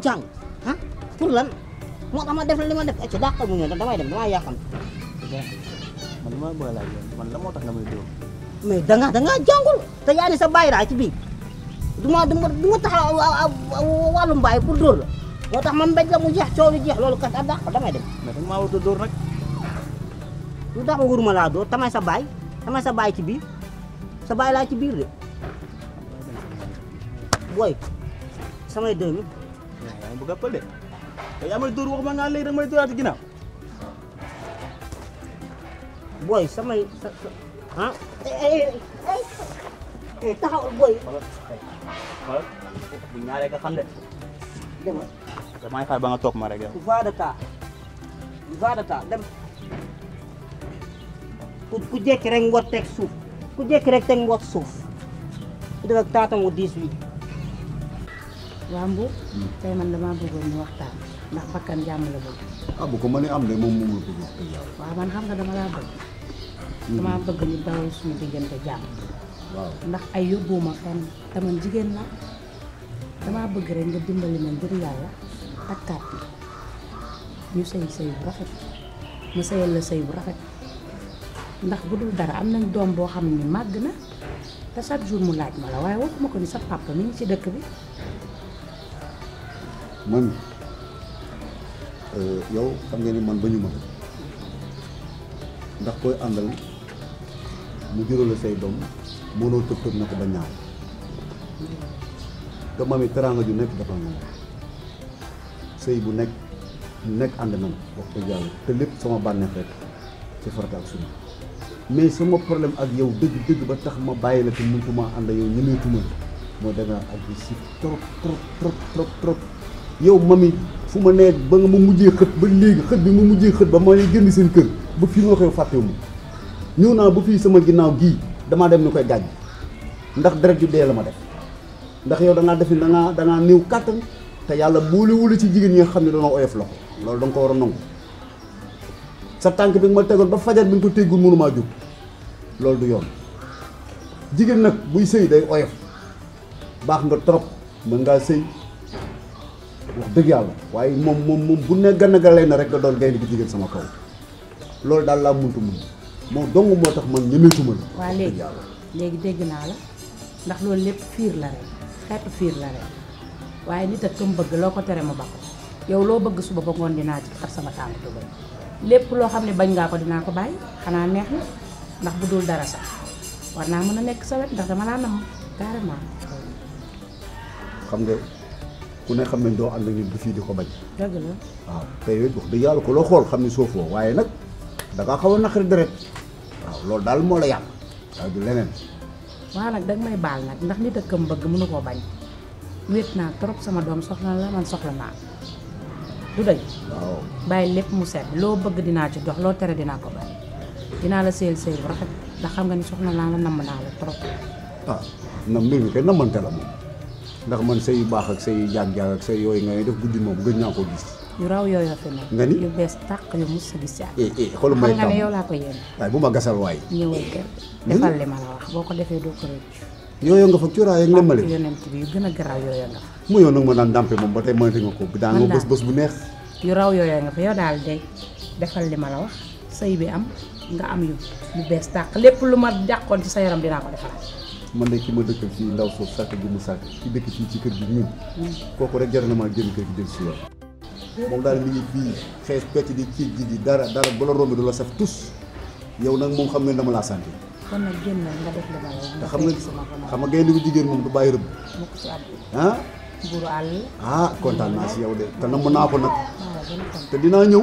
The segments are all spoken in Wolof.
jang ha pulan mau tamat level 5 dek aja dak kamu nyata damai dan melayak kan mana mau bawa lagi mana mau tak nemu itu tengah ada nggak kul tanya ini sebay lah cibi cuma cuma cuma tak walum bay pudur mau tak membet kamu jah cowi jah lalu kat ada kata damai dek mana mau tidur nak sudah aku guru malado tamat sebay tamat sebay cibi sebay lagi, cibi boy sama itu ay bëgg a pël de day amal dóor wax ma nga léegi rek may dóoraati ginnaaw boy samay eh, eh, eh. eh taxaw boy bu ñaaree nga xam de demal damay xaar ba nga toog ma rek yow va de temps va de temps dem ku jekki rek ngoot teg suuf ku rek suuf ak 18 waa Mbour tey man damaa bëggoon ñu waxtaan ndax bakkan jàmm la bëgg ah ya. mhm. bu ko am de moom moom la bëgg wax dëgg yàlla man xam nga dama laa bëgg damaa bëgg ñu dawal suñu diggante jàmm waaw ndax ay yóbbuwuma fenn taman jigéen la damaa bëgg rek nga dimbali ma ngir yàlla takkaat ñu sëy sëy bu rafet ma sëyal la sëy bu rafet ndax dara am nañ doom boo xam màgg na te chaque jour mu laaj ma la waaye waxuma ko ni sa papa mi ngi ci dëkk bi man euh yow xam nga ni man bañu ma ndax koy andal mu la say dom mënoo tëb tëb na ko ba ñaaw te mami teranga ju nek dafa nga sey bu nek nek and nañ wax ko yàlla te lepp sama bànneex rek ci farata ak suñu mais sama problème ak yow deug deug ba tax ma baye la te mëntuma and yow ñëmeetuma mooy da nga ak ci trop trop trop trop trop yow mami fu ma nee ba nga ma mujjee xët ba léegi xët bi mu mujjé xët ba ma lay génn seen kër bu fi nga xew faté wu ñëw na bu fi sama ginnaw gi dama dem ni koy gàjj ndax dara ju dee la ma def ndax yow da nga def ni da nga da nga niw kàttan te yàlla wul ci jigeen yi nga xamni dañu oyef oyof loxo loolu da ko wara a nangu sa tank bi nga ma ba fajar bi nga ko téggul mënumaa juk loolu du yoon jigeen nak buy sey day oyef bax nga trop man nga sey wax dëgg waaye moom moom moom bu ne gànn ga lay na rek nga doon gaynde gi jigéen sama kaw loolu daal laa muntu mun moom dong moo tax man ñemeetuma la. waaw léegi léegi dégg naa la ndax loolu lépp fiir la rek xeetu fiir la rek waaye nit ak bëgg loo ko tere ma bako yow loo bëgg suba ba ngoon dinaa ci xar sama tànk dugal lépp loo xam ne bañ ngaa ko dinaa ko bàyyi xanaa neex na ndax bu dul dara sax war naa mën a nekk sa wet ndax dama laa nam carrément. xam nga. ku ne xam ne doo ànd ak nit ba fii bañ. dëgg la waaw te yooyu wax dëgg yàlla ku la xool xam ne soofoo waaye nag da ngaa xaw a naqari deret waaw loolu daal moo la yàq leneen. nag may baal nag ndax nit ak bëgg mënu koo bañ wéet naa trop sama doom soxla la man soxla naa du dëgg. waaw bàyyi lépp mu set loo bëgg dinaa ci dox loo tere dinaa ko bàyyi dinaa la sëyal sëy bu rafet ndax xam nga ni soxla naa la namm naa la trop. ah na mbir mi kay la moom. ndax man sëy yu baax ak sëy yu jaag-jaag ak sëy yooyu ngay def guddi moom gën naa ko gis yu raw yooyu la fi ne nga ni yu bees tàq yu a gis ci am eh, eh, xoolu may nga ne yow laa ko yéen waaye hmm? boo ko defee doo ko rëccu yooyu nga fa cuuraay ak lemmale yonent bi gën a garaaw yooyu nga fa mu yow nag ma daan dàmpe moom ba tey ko bi daan bés bu neex yu raw yooyu nga fa daal de defal li ma la wax say bi am nga am yu yu bees tàq lépp lu ma jàqoon ci sa yaram dinaa ko defal man de ki ma dëkkal fii ndaw soof sàkk gi mu sàkk ki dëkk fii ci kër gi ñun hmm. kooku rek jar na maa génn kër gi dem si waat moom daal mi ngi fii xees pecc di ciig ji di dara dara bu la romb du la saf tus yow nag moom xam ne dama laa sant kon nga def xam nga xam nga gaynde bu jigéen moom du bàyyi rëbb ah ah kontaan naa si yow de te namm naa ko nag te dinaa ñëw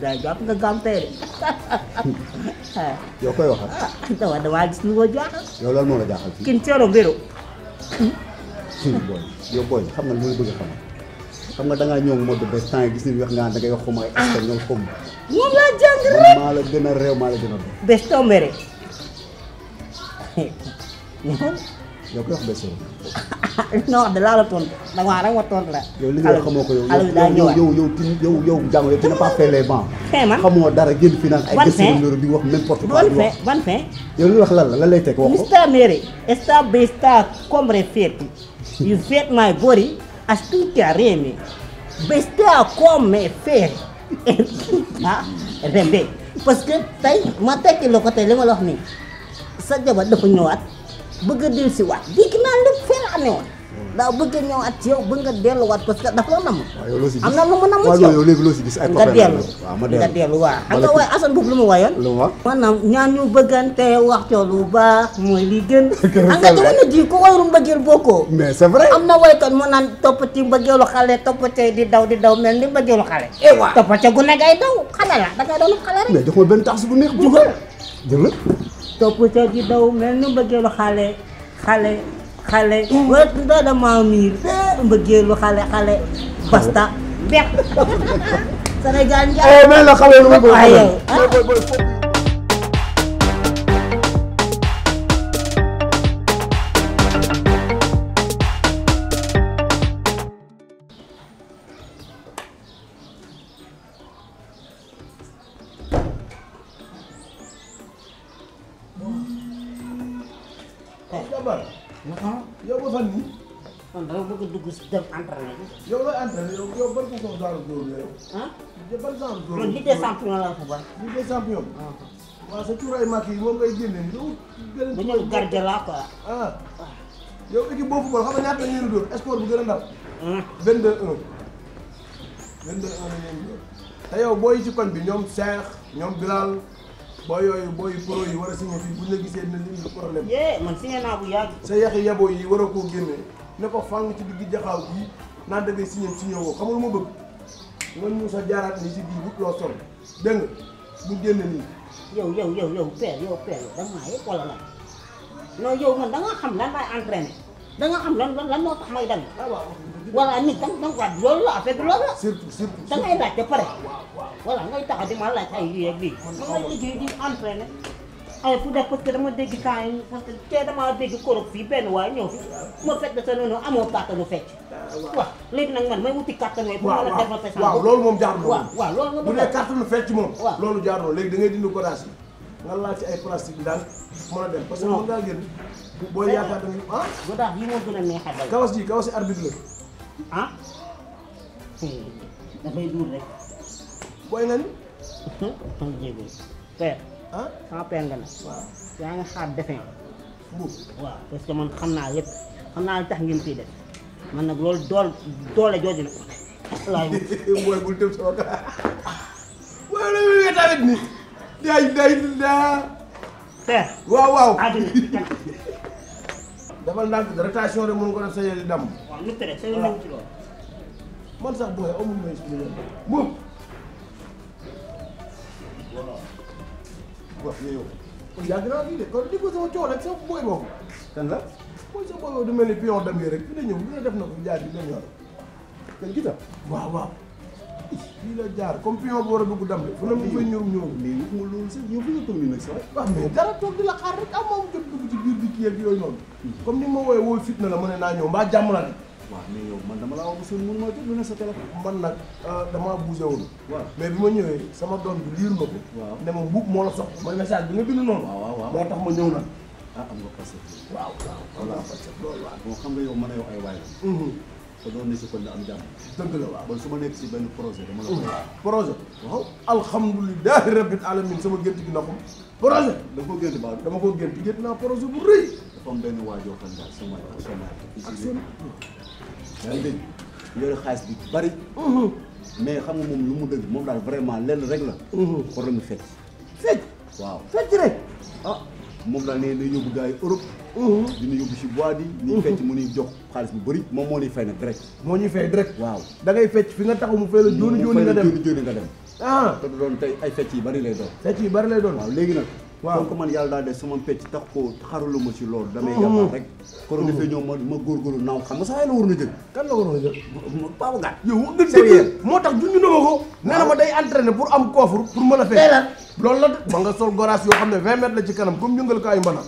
daay jàpp nga gàmpee de. yow koy waxal. ah damaa gis lu ma jaaxal. yow loolu moo la jaaxal fii. kin coro béro. si booy xam nga lu ma bëgg xam xam nga da ñëw mode ba temps yi gis nañu wax nga da ngay wax xuma maa la gën a réew maa la gën a doon. bés tombé rek. non de laa la tontu danga maa danga ma tontu la. yow li xamoo ko yow yow yow yow jàng yow tu n'as pas fait les bancs. xamoo dara génn fi naan ay gëstu di wax n'importe quoi. ban fin ban la lay teg wax ko. Mr Mary star be star combre feet you feet my body as tuuti a réeme be ah, parce que tey ma tekki la ko tey li ma la nii sa jabar dafa ñëwaat. bëgg a dellu si waat dégg naa lépp fee la amee woon daaw bëgg a ñëwaat ci yow bëgg nga delluwaat parce que dafa la namm am na lu mu namm ci yow léegi loo si gis ay nga dellu nga dellu waaw xam nga waaye asan boobu lu mu wayoon lu mu wax maanaam ñaan ñu bëggante wax coo lu baax mooy li gën xam nga jamono ji ku wayru mbëggeel bokkoo mais c'est vrai am na waykat mu naan toppati mbëggeelu xale toppatee di daw di daw mel ni mbëggeelu xale eh, toppate gu ne ngay daw xale la da ngay doon xale rek mais jox ma benn tax bu neex bu jël topp ca di daw mel ni mbëggeelu xale xale xale wët da dama miir eh, mbëggeelu xale xale la eh, xale lu dem entraîné ji. yow looy entraîné yow yow ban façon genre góor la yow. ah ban genre góor la. man ligue des champions laa ah. ko bari. ligue des champions. waaw sa cuuraay màkk yi moom ngay génne yow. beneen cuuraay dañoo nga ah. bu gën a ndaw. 22 yow booy ci koñ bi ñoom Cheikh ñoom Bilal. boo yooyu booy pro yi war a signé fii bu ñu la gisee dina indi problème. yee man signé naa bu yàgg. sa yàq yaboo yi war a koo génne. ne ko fang ci digg jaxaaw gii naan da ngay signé signé woo xam ma bëgg nga ñu sa jaaraat ni si biir wut loo sol dégg bu génn nii. yow yow yow yow père yow père yow da yëpp wala lan non man da xam lan laay entraîné da nga xam lan lan moo tax may dem. Ah, voilà nit da nga da loolu la affaire bi loolu la. surtout surtout da pare. Ah, voilà ngay tax di ma laaj ay lii ak lii. man xaw di entraîné. ay fu def parce que dama dégg temps yi parce que tey damaa dégg korog fii benn waay ñëw fi ma fekk sa noonu amoo kàttanu fecc waaw léegi nag man may wuti kàttan yooyu pour mën a defal fecc waaw loolu moom jaar waaw waaw loolu bu ne kàttanu fecc Pas waaw loolu jaar na léegi da ngay dindi courage yi nga laal ci ay plastique daal mën a dem parce que mën ngaa génn booy yaakaar dañu ah ba tax li moo gën a neex a dal kawas ji kawas arbitre la ah dafay duur rek booy nga ni jéego ah sama peng la. waaw yaa ngi xaar defee mbuub waaw parce que man xam naa lépp xam naa li tax ngeen fii def man nag loolu dool doole jooju nag. laay mooy bul tëb sama kala. waaw loolu yëpp tamit nii. day day daa. père. waaw waaw àddina dafa ndànk rotation rek mën ko def sa yële dam. waaw lu tere sa yële ci loolu. man sax booy amul may expliqué. mbuub. voilà. wax yow. kon yàgg naa fii de kon di ko sama coow rek sama booy boobu. kan la sama boobu du mel ni pion dem yi rek fi la ñëw lu ne def na ko jaar bi leen yore. gis nga waaw waaw. fii la jaar comme pion bu war a dugg dam fu ne mu koy ñoom ñoom mais yëpp mu loolu sax yow fi nga tombé nag sax waaw mais dara toog di la xaar rek am moom jot dugg ci biir di kii ak yooyu noonu comme ni ma wooye wooyu fit la mu ne naa ñëw mbaa jàmm la rek waaw mais yow man dama laa wax suñu mënuma jot lu ne sa téléphone. man nag euh, damaa bougé woon. waaw mais bi ma ñëwee sama doom bi liir na ko. waaw ne ma moo la sox mooy message bi nga bind noonu. waaw waaw moo tax ma ñëw nag. ah am nga passé. waaw waaw am naa xam nga yow man a yow ay waay la. Mm-hmm. te doon na si kon am jàmm. dëgg la waaw kon su ma nekk si benn projet dama la ko. projet waaw alhamdulilahi rabbil alamin sama gént gi na ko. projet da koo gént baax dama koo gént gént naa projet bu rëy. dafa am benn waajoo xam yaa ngi dégg yore xaalis bi bari mais xam nga moom lu mu dëgg moom daal vraiment lenn rek la problème fecc fecc waaw fecc rek ah moom daal nee na yóbbu gars yi Europe dina yóbbu si boîte yi ni fecc mu nuy jox xaalis bu bari moom moo ñuy fay nag direct moo ñuy fay direct waaw da ngay fecc fi nga taxu mu fay la jóoni jóoni nga dem jóoni jóoni nga dem ah te doon tey ay fecc yi bari lay doon fecc yi bari lay doon waaw léegi nag waaw donc man yàlla daal de sama pecc tax ko xarulu ma ci loolu. damay mhm. yàlla rek. kon dafay mhm. ñëw ma ma góorgóorlu naaw xam nga saa a jël. kan a jël. Pape Gade yow gën na ma ko. na ma day entraîné pour am mën a. fekk loolu nga sol goraas yoo xam ne 20 la ci kanam comme yëngal ko ay mbana.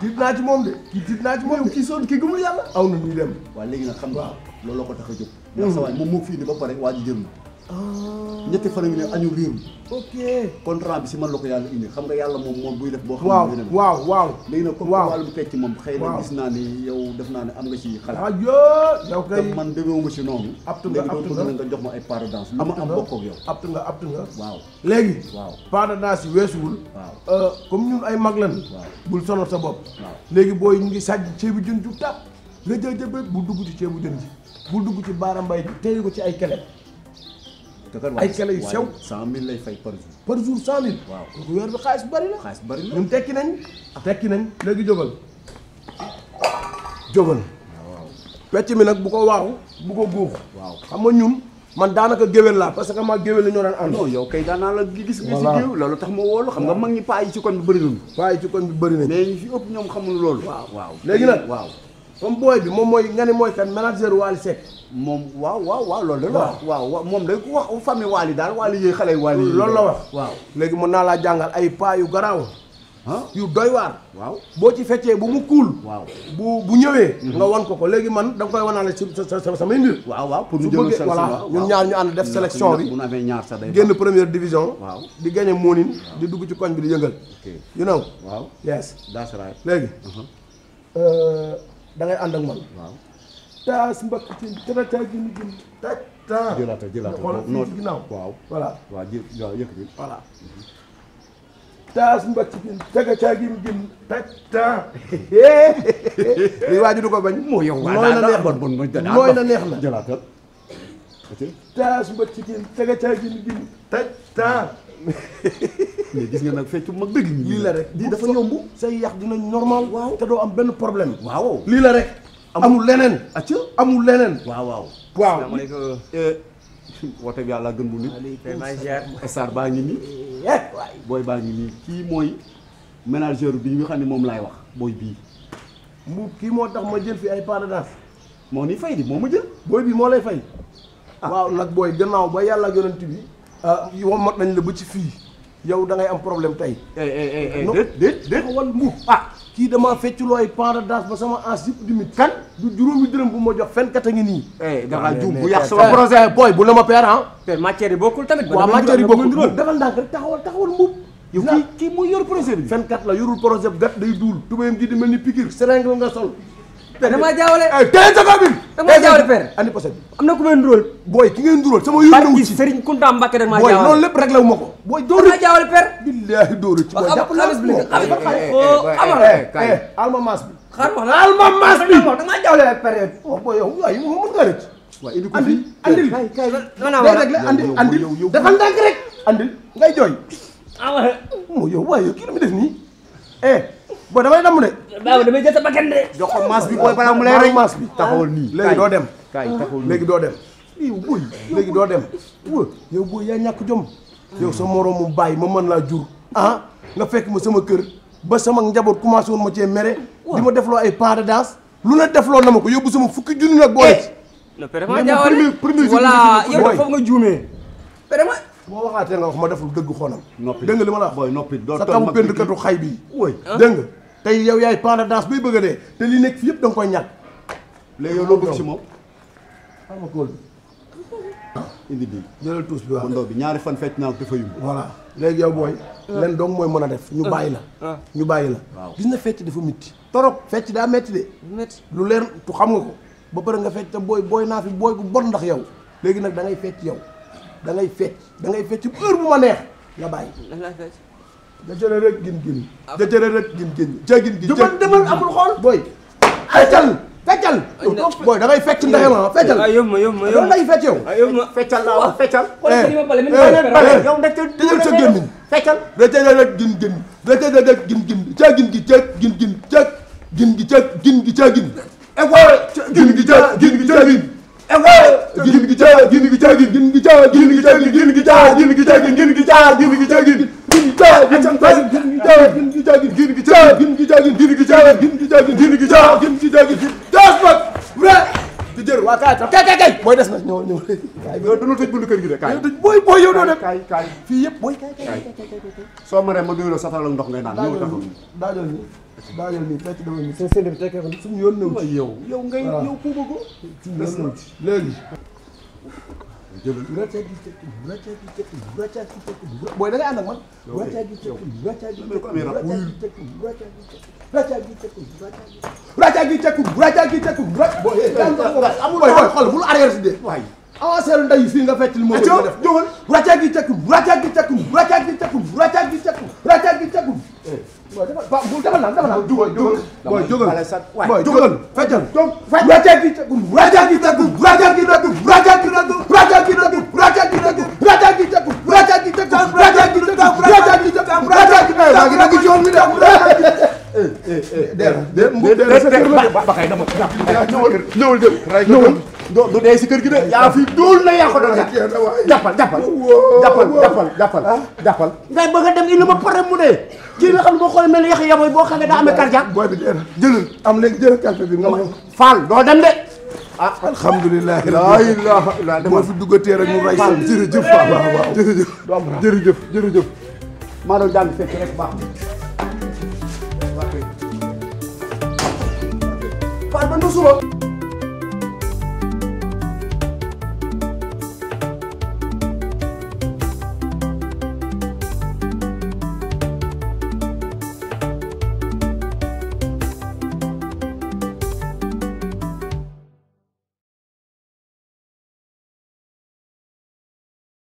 tiit naa ci moom de kii tiit naa ci moom kii sonn kii gëmul yàlla. aw na ñuy dem. waaw léegi nag xam nga loolu la ko tax a jóg. Mhm. ndax sa waay moom moo fi indi ba pare waa ji na ñetti fan ngi ne añu liim ok contrat bi si man la ko yàlla indi xam nga yàlla moom moom buy def boo xam ne waaw waaw léegi nag comme wàllum fecc moom xëy na gis naa ni yow def naa ne am nga ci xalaat yow kay man demeewuma si noonu aptu nga aptu nga léegi nga jox ma ay part de danse am bokk ak yow aptu nga aptu nga waaw léegi waaw part de weesuwul euh, comme ñun ay mag lan bul sonal sa bopp léegi booy ñu ngi sàjj ceebu jën ju tàpp nga jël jëbét bu dugg ci ceebu jën ji bu dugg ci baarambay ji téye ko ci ay kele ay kale yu sew cent mille lay fay par jour par jour cent mille weer bi xaalis bari na bari na ñun tekki nañ tekki nañ léegi jógal jógal waaw wecc mi nag bu ko waaxu bu ko góoxu waaw xam nga ñun man daanaka géwél laa parce que maa géwél la ñoo daan ànd. non yow kay daan naa la gis gis géew loolu tax ma woolu xam nga mag ñi paa yi ci koñ bi bëri nañu paa yi ci koñ bi bëri nañ mais ñu fi ñoom xamul loolu waaw waaw léegi nag waaw comme booy bi moom mooy nga ne mooy kan manager Wally moom waaw waaw waaw loolu la wax waaw moom day wax famille waali daal waali yi xale yi waali yi loolu la wax waaw léegi mën naa laa jàngal ay pas yu garaaw yu doy waar waaw boo ci feccee bu mu kuul waaw bu bu ñëwee mhm. nga wan ko ko léegi man da nga koy wanaale si samay mbir waaw waaw pour ñu jël voilà ñun ñaar ñu ànd def sélection bi bu ñu amee ñaar sax day génn première division waaw di gagné moonin di dugg ci koñ bi di yëngal you know waaw yes that's right léegi uh-huh. euh, dangay ngay ànd ak man taas mbakk ci tarata junni junni taj ta ah, jëlaata jëlaata noonu ci ginnaaw waaw voilà waaw ta li waaju du ko ba moo yow mooy na neex na neex la jëlaatal taas mbakk ci taga caa gi mu jëm ta mais gis nga nag feccu mag dëgg lii la rek lii dafa normal waaw te doo am benn problème waaw lii la rek amul leneen. acca amul leneen. waaw waaw. waaw asalaamaaleykum. Eh, woote bi yàlla gën bu nit. star baa ngi nii. Eh, booy baa ngi nii kii mooy ménageur bi nga xam ne moom laay wax booy bii. mu kii moo tax ma jël fi ay pas de moo ni fay di moo ma jël. booy bii moo lay fay. Ah. waaw nag booy gannaaw ba yàlla yonent bi. Ah, yow mat nañ la ba ci fii. yow da ngay am problème eh eh, eh, eh déet déet wal mu ah ki dama fecculoo loy pas de ba sama ans yëpp di mit kan du juróomi deureum bu mo jox fen kat a ni eh ah, dafa juum bu yax sama projet boy bu lama père peer ah. père matière bokul tamit. waaw matière bokul bokkul defal dank rek taxawal taxawal mu yow ki kii yor projet bi. fen kat la yorul projet bi gat day duul tubayam ji di melni pikir serengu nga sol. père damaa jaawale. Eh, tey sa bi. damaa jaawale père andi pochette bi. am na ku may ndural. booy ki ngeen ndural sama yónni wu ci Serigne Kounda Mbacke damaa jaawale booy loolu lépp réglé wu ma ko. booy dóor damaa jaawale père. billaahi dóor ci booy jàpp naa bi alma maas bi. xaaral ma alma maas bi. damaa jaawale ak eh, père yow. Oh, booy yow waaye yow mën nga rëcc. waaw indi ko fi andil andil andil defal ndànk rek andil ngay jooy. Ah, oh, yow waaye kii boo damay damm de. waaw damay jël sa bakkan de. jox ko maas bi booy balaa mu lay rey maas bi taxawal nii. léegi doo dem kaay taxawal léegi doo dem. léegi doo dem wóor yow buy yaa ñàkk jom. yow sa moroom mu bàyyi ma mën laa jur ah nga fekk ma sama kër ba sama njaboot commencé woon ma cee mere. di ma loo ay pas de danse. lu ne defloo na ma ko yóbbu sama fukki junni nag boole eh! ci. non vraiment jaawale voilà yow de foofu nga juumee vraiment. boo waxaatee nga wax ma deful dëgg xoonam. noppi dégg nga li ma la wax. booy noppi doo tooy sa taw xay bi. dégg nga. tey yow yaay pan de danse bay bëgg a dee te li nekk fi yëpp da koy ñàkk. léegi yow loo bëgg ci moom. xam nga kóol bi. Ah, indi bi jëlal tuus bi waaw bi ñaari fan fecc naa a yumb. voilà léegi yow booy. Ah. len doom mooy mën a def ñu ah. bàyyi la. ñu bàyyi la waaw gis na fecc dafa mitti. torop fecc daa metti de. lu leer tu xam nga ko. ba pare nga fecc te booy booy naa fi booy bu bon ndax yow léegi nag da ngay fecc yow da ngay fecc da ngay fecc heure bu ma neex nga bàyyi. jëjërë rek gin gin. jëjërë rek gin gin. jëgin gi jë demal amul xool booy. feccal feccal. booy da ngay fecc ndax ma feccal. ah yow ma yow ma yow lay fecc yow. ah yow ma feccal laa wax feccal. yow ndax te dëgër sa gémmiñ. feccal jëjërë rek gin gin. jëjërë rek gin gin jëgin gi jë gin gin jë gin gi jë gin gi jëgin. et booy gin gi jë gin gi jëgin. gin gi jë gin gi jëgin gin gi jë gin gi jëgin gin gi jë gin gi jëgin gin gi jë gin gi jëgin That's what. di jël waa kaay kaay kaay kaay booy des nag ñoo ñoo kaay bi dañoo tëj buntu kër gi de kaay booy booy yow doo dem kaay kaay fii yëpp booy kaay kaay soo maree ma doyuloo satal ak ndox ngay naan ñëw taxaw daajoo ni daajoo ni fekk dama ni seen seen bi tekkee ko suñu yoon nëw ci yow yow ngay yow ku bëgg léegi jëlal racaa gi cëkk racaa gi cëkk racaa gi cëkk booy da ngay ànd ak man racaa gi cëkk racaa gi cëkk racaa gi cëkk racaa gi cëkk racaa gi cëkk racaa gi cëkk amul booy xool bul arrière si dee waay avancé lu nday fii nga fecc li moo def jógal racaa gi cëkk racaa gi cëkk racaa gi cëkk racaa gi cëkk racaa gi cëkk booy defal naa defal naa jógal booy jógal booy jógal feccal racaa gi cëkk racaa gi cëkk racaa gi cëkk raja di dagu raja di dagu raja di dagu raja di dagu raja di dagu raja di dagu raja di dagu lagi lagi jual mi dagu eh eh eh der der mbu der sa kër la bakay dama ñewul ñewul dem ñewul do do day ci kër gi de ya, ya fi dul na ya ko do jappal jappal jappal jappal jappal jappal ngay bëgg dem iluma paré mu dé ci nga xam nga xoy mel yax yamoy bo xamé da amé cardiaque boy bi der jël am légui jël calpe bi nga fal do dem de ah alhamdulilah. laa ilaaha illa Allah dama fi duggatee rek mu rey. waaw jërëjëf waaw waaw jërëjëf. doom ra jërëjëf jërëjëf. maa doon jàng fekk rek baax na. waaw kay. waaw man ma suba.